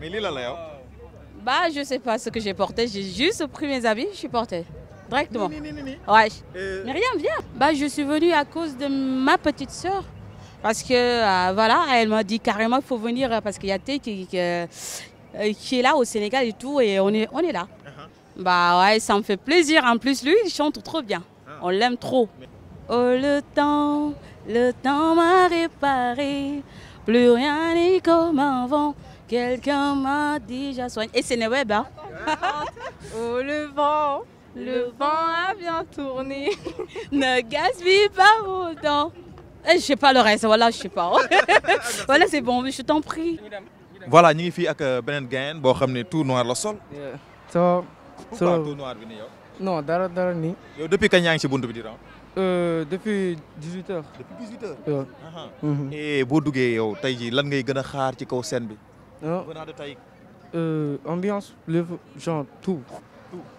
Mais Bah, je sais pas ce que j'ai porté. J'ai juste pris mes habits, je suis portée. Directement. ouais. Euh. Mais rien, viens. Bah, je suis venue à cause de ma petite soeur. Parce que, euh, voilà, elle m'a dit carrément qu'il faut venir euh, parce qu'il y a Té qui, qui, est là au Sénégal et tout, et on est, on est là. Uh-huh. Bah ouais, ça me fait plaisir. En plus, lui, il chante trop bien. Ah. On l'aime trop. Oh, le temps, le temps m'a réparé. Plus rien n'est comme avant. Quelqu'un m'a déjà soigné. Et c'est Neweb, hein Oh, le vent le, vent a bien tourné. ne gaspille pas autant. Eh, je sais pas le reste, voilà, je ne sais pas. voilà, c'est bon, je t'en prie. Voilà, nous sommes ici avec euh, Benen Gain, qui tout noir le sol. So, so, noir Non, dara dara ni. depuis quand est-ce que tu euh, depuis 18h. Depuis 18h mm-hmm. Et si tu es là, tu as euh, ambiance, le, genre tout.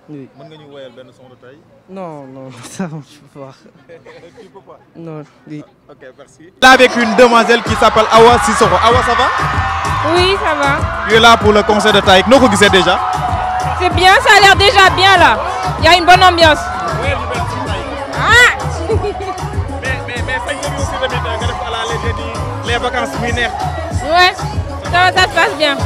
Oui. son de Non, non, ça je peux pas. tu peux pas Non, oui. Ah, ok, merci. Là avec une demoiselle qui s'appelle Awa Sissoko. Awa, ça va Oui, ça va. Tu es là pour le concert de Taïk. Nous vous déjà C'est bien, ça a l'air déjà bien là. Il y a une bonne ambiance. Oui, ah Mais mais mais ça les vacances Ouais. Ça, ça se passe bien.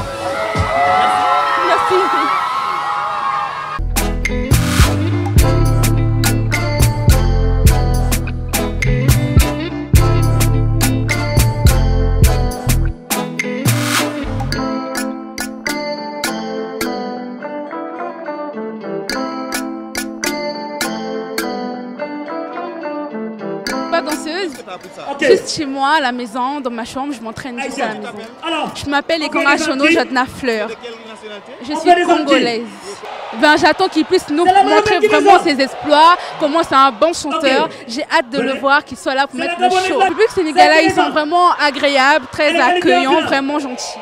pas danseuse. Juste chez moi, à la maison, dans ma chambre, je m'entraîne ah, juste à la je m'appelle Ekoma Chono Jadna Fleur. Je suis congolaise. Ben, J'attends qu'il puisse nous montrer vraiment ses exploits, comment c'est un bon chanteur. J'ai hâte de le voir, qu'il soit là pour mettre le show. Le public sénégalais, ils sont vraiment agréables, très accueillants, vraiment gentils.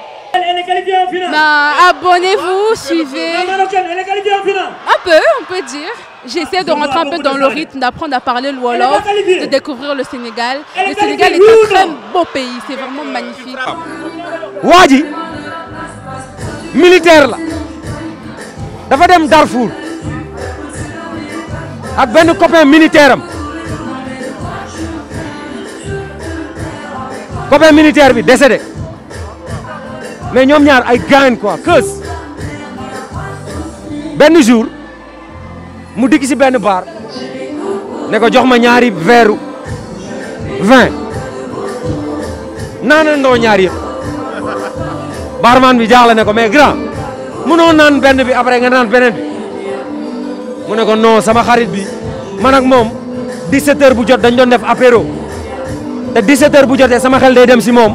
Bah, abonnez-vous, ah, suivez. Un peu, on peut dire. J'essaie de ah, rentrer un peu dans le rythme, d'apprendre à parler le Wolof, de découvrir le Sénégal. le Sénégal est un très beau pays, c'est vraiment magnifique. Wadi, militaire là, dem Darfour Avec copain militaire militaire oui. décédé. mais ñom ñaar ay gaane quoi keus ben jour mu dik ci ben bar ne ko jox ma ñaari veeru vin ndo ñaar yëpp barman bi jaala ne ko mais grand mënoo nan ben bi après nga nan benen bi mu ne ko non sama xarit bi man ak mom 17h bu jot dañ doon def apéro te 17h bu jotee sama xel day dem si mom.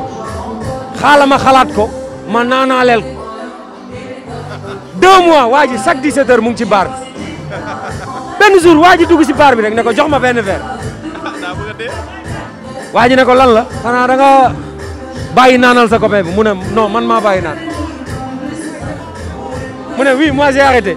xala ma xalat ko ma naanaaleel ko deux mois waa ji chaque 17 mu ngi ci baar bi benn jour waa ji dugg si baar bi rek ne ko jox ma benn verre waa ji ne ko lan la xanaa da nga bàyyi naanal sa copain bi mu ne noo man maa bàyyi naan mu ne oui moi j'ai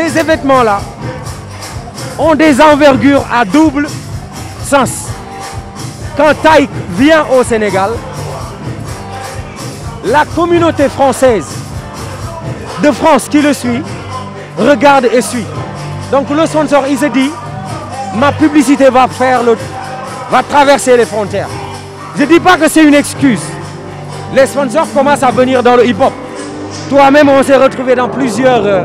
ces événements-là ont des envergures à double sens. Quand Taïk vient au Sénégal, la communauté française de France qui le suit regarde et suit. Donc le sponsor, il se dit, ma publicité va, faire le, va traverser les frontières. Je ne dis pas que c'est une excuse. Les sponsors commencent à venir dans le hip-hop. Toi-même, on s'est retrouvé dans plusieurs... Euh,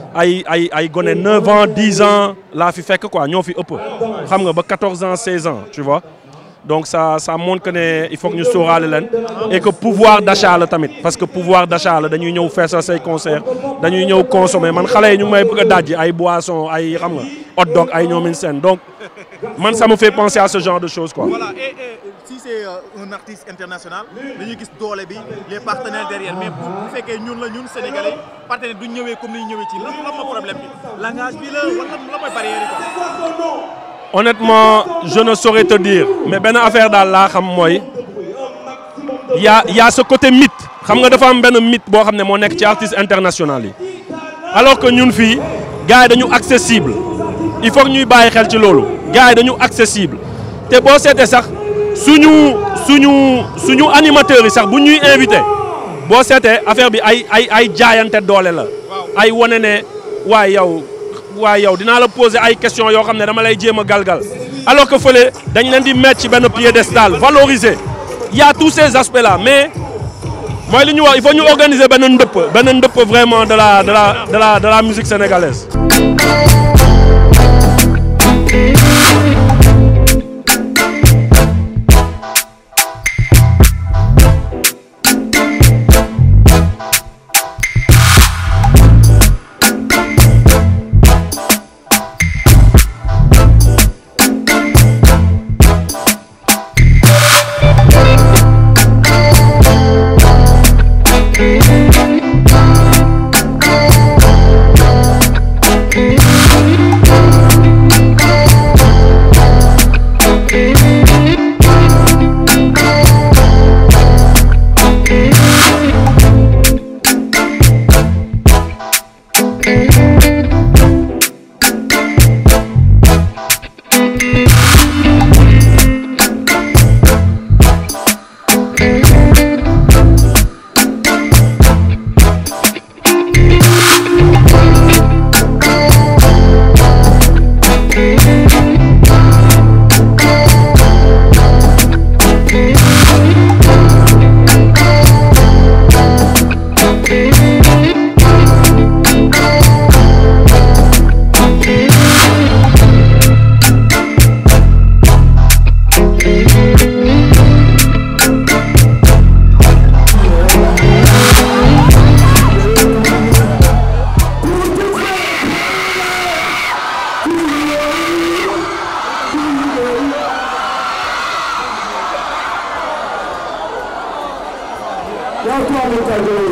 il ay 9 ans 10 ans il fait que quoi fait fi peu. xam nga ba 14 ans 16 ans tu vois donc ça ça montre qu'il faut que soyons à leen et que le pouvoir d'achat parce que le pouvoir d'achat nous dañuy ça feesal ces concerts, dañuy ñëw consommer man les ñu may boissons des hot dogs des ñoomin donc man ça me fait penser à ce genre de choses Voilà si c'est euh, un artiste international dañuy gis les partenaires derrière mais bu nous ñun la ñun sénégalais partenaire du ñëwee comme ni ñu ci lan problème bi langage bi la wala la barrière honnêtement je ne saurais te dire mais ben affaire daal laa xam Il y a ce côté mythe xam nga dafa am un mythe qui xam ne moo artiste international alors que ñun fii gars yi dañu accessible il faut que ñuy bàyyi xel ci loolu gars yi dañu accessible te boo seetee sax suñu suñu suñu animateurs yi sax bu ñuy invité boo affaire bi ay ay ay jaayante doole la ay wane ne waaye yow waaye yow dina la poser ay question yo xam dama lay jéem galgal alors que feulé dañ len di mettre ci benn piédestal valoriser Il y a tous ces aspects là mais mooy liñu wax il faut ñu organiser benn ndëpp benn ndëpp vraiment de la de la de la de la musique sénégalaise Thank you.